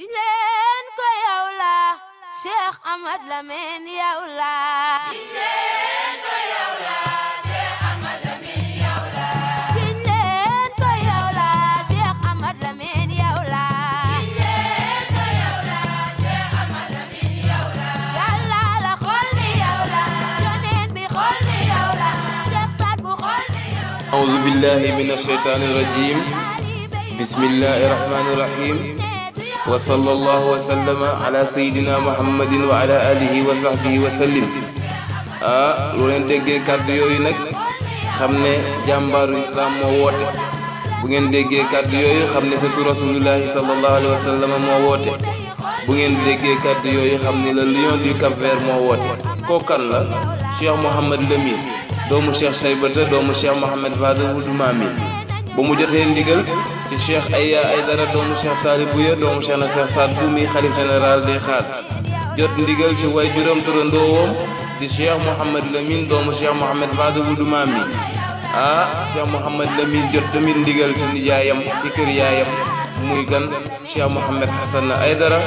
di leen ko yow la Cheikh Ahmad Lamine yow la di leen ko yow la Cheikh Ahmad Lamine yow la di leen ko yow la Cheikh Ahmad Lamine yow la di leen ko yow la Cheikh Ahmad Lamine yow la Yàlla la xool ni yow la yoneen bi xool ni yow la Cheikh Saad bu xool ni yow la A'uuzu billahi minash shaytaanir rajiim Bismillahir rahmaanir rahiim wa sallallahu wa sallama ala sayidina muhammadin wa ala alihi wa sahbihi wa sallim ah lu déggee kàddu yooyu nag xam ne jàmbaaru islaam moo woote bu ngeen déggee kàddu yooyu xam ne surtout rasulullahi sallallahu alayhi wa sallam yooyu xam ne le lion du Cap-Vert moo woote kookan la Cheikh Mouhamad Lamine doomu Cheikh Chaybata doomu Cheikh Mouhamad Fadal Wuldu Mamin ba mu jotee ndigal ci cheikh Aya Aydara doomu cheikh Saali Buya doomu cheikh na cheikh Saad bu mi xalif général des xaat jot ndigal ci way juróom turandoowam di cheikh Mouhamad Lamine doomu cheikh Mouhamad Fadou bu dumaam mi ah cheikh Mouhamad Lamine jot tamit ndigal ci nijaayam ci kër yaayam muy gan cheikh Mouhamad Hassan Aydara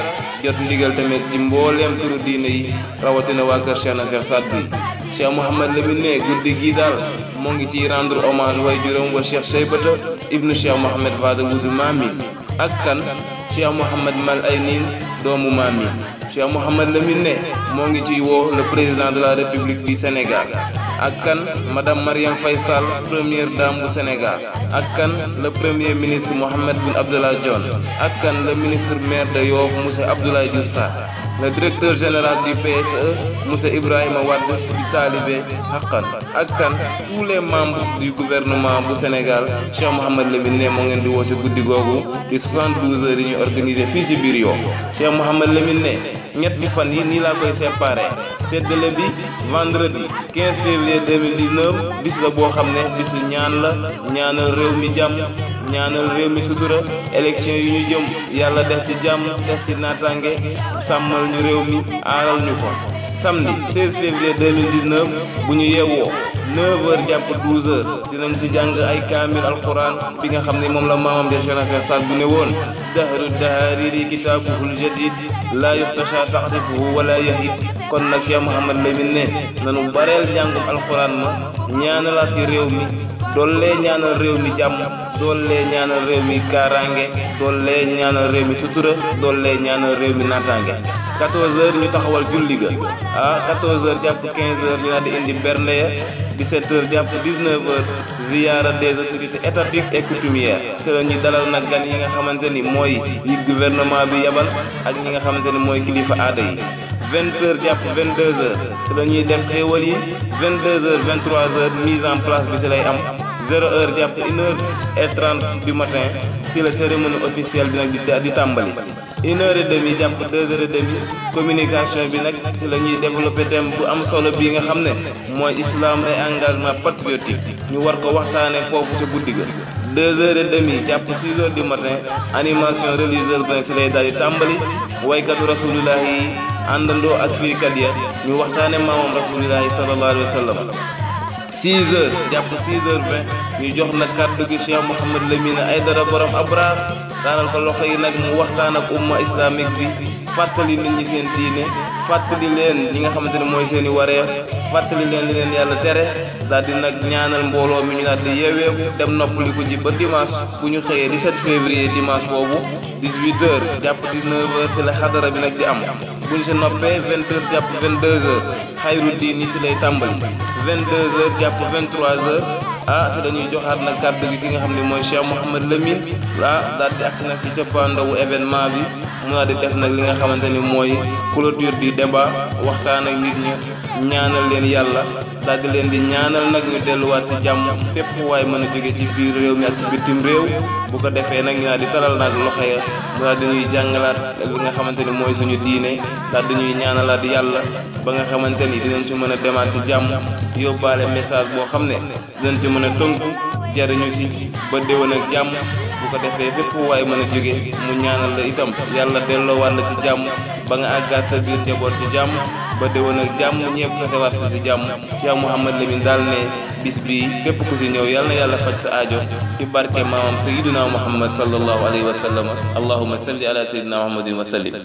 jot ndigal tamit ci mbooleem turu diine yi rawatina waa kër Cheikh na Cheikh Saad Bou Cheikh Mouhamed Lamine guddi gii daal moo ngi ciy rendre hommage way juróom wa Cheikh Cheybata ibnu Cheikh Mouhamed Fada Wudu Mamin ak kan Cheikh Mouhamed Mal Aynin doomu Mamin Cheikh Mouhamed Lamine moo ngi ciy woo le président de la République du Sénégal ak kan madame Marième Faye Sall première dame bu Sénégal ak kan le premier ministre Mohamed Boun Abdallah Dionne ak kan le ministre maire de Yoff monsieur Abdoulaye Diouf Sarr le directeur général du PSE monsieur Ibrahima Wade di taalibe xaqan ak kan tous les membres du gouvernement bu Sénégal Cheikh Mouhamed Lamine ne moo ngeen di woo ci guddi googu di 72 yi ñu organisé fii ci biir yoo Cheikh Mouhamed Lamine ne ñetti fan yi nii laa koy séparé seddale bi vendredi 15 février 2019 bis la boo xam ne bisu ñaan la ñaanal réew mi jàmm ñaanal réew mi sutura élection yi ñu jëm yàlla def ci jàmm def ci naataange sàmmal ñu réew mi aaral ñu ko samedi février bu ñu yeewoo 9 heures jàpp 12 heures si jàng ay kaamil alquran bi nga xam ne moom la maamam de Cheikh Nasser Saad ne woon dahru dahariri kitaabuhul jadid laa yuxtasha taxrifuhu wala yahid kon nag Cheikh Mouhamad Lamine ne nanu bareel jàngum alquran ma ñaanalaat ci réew mi doole ñaanal réew mi jàmm doole ñaanal réew mi kaaraange doole ñaanal réew mi sutura doole ñaanal réew mi naataange 14h ñu taxawal julli ga ah 14h jàpp 15h ñu daal di indi bernde ya 17h jàpp 19h ziyaara des autorités étatiques et coutumières. ci la ñu dalal nag gan yi nga xamante ni mooy yi gouvernement bi yabal ak ñi nga xamante ni mooy kilifa aada yi. vingt heures jàpp vingt deux heures te la ñuy def xéewal yi mise en place bi si lay am zéro heure jàpp une heure et trente du matin ci la cérémonie officielle bi nag di tàmbali une heure et demie jàpp deux heures et demie communication bi nag ci la ñuy développé thème bu am solo bi nga xam ne mooy islam et engagement patriotique ñu war ko waxtaanee foofu ca guddi ga deux heures et demie jàpp six heures du matin animation religieuse bi nag si lay daal tàmbali waykatu rasulullah àndandoo ak firikat ya ñu waxtaane maamam rasulillahi sallallahu alayhi wa sallam 6 heures jàpp 6 heures 20 ñu jox nag kàddu gi Cheikh Mouhamed ay dara borom Abraar taalal ko loxo yi nag mu waxtaan ak umma islamique bi fàttali nit ñi seen diine fàttali leen li nga xamante ne mooy seen i wareef fàttali leen li leen yàlla tere daal di nag ñaanal mbooloo mi ñu daal di yeewee dem noppaliku ji ba dimanche bu ñu xëyee 17 février dimanche boobu 18h jàpp 19h ci la xadara bi nag di am bu ñu si noppee 20h jàpp 22h xayru diin yi ci lay tàmbali 22h jàpp 23h. ah si dañuy joxaat nag kàddu gi ki nga xam ne mooy Cheikh Mouhamed Lamine ah daal di agsi nag si cappaandawu nag li nga xamante ni mooy clôture du débat waxtaan ak nit ñi ñaanal leen yàlla daal leen di ñaanal nag ñu delluwaat si jàmm fépp waaye mën a jóge ci biir réew mi ak ci bitim réew bu ko defee nag ñu daal di taral nag loxo ya mu daal di ñuy jàngalaat li nga xamante ni mooy suñu diine daal di ñuy ñaanalaat yàlla ba nga xamante ni dinañ ci mën a demaat ci jàmm yóbbaale message boo xam ne dinañ ci mën a tënk jariñu si ba déwén nag jàmm bu ko defee fépp waaye mën a jóge mu ñaanal la itam yàlla delloo wàll ci jàmm ba nga àggaat sa biir njaboot ci jàmm ba déwén nag jàmm ñëpp tasewaat sa si jàmm Cheikh Mouhamad Lamine daal ne bis bii képp ku si ñëw yàlla yàlla faj sa aajo ci barke maamam sayyiduna Muhammad sallallahu alayhi wa sallam allahumma salli ala sayyidina Muhammadin wa sallim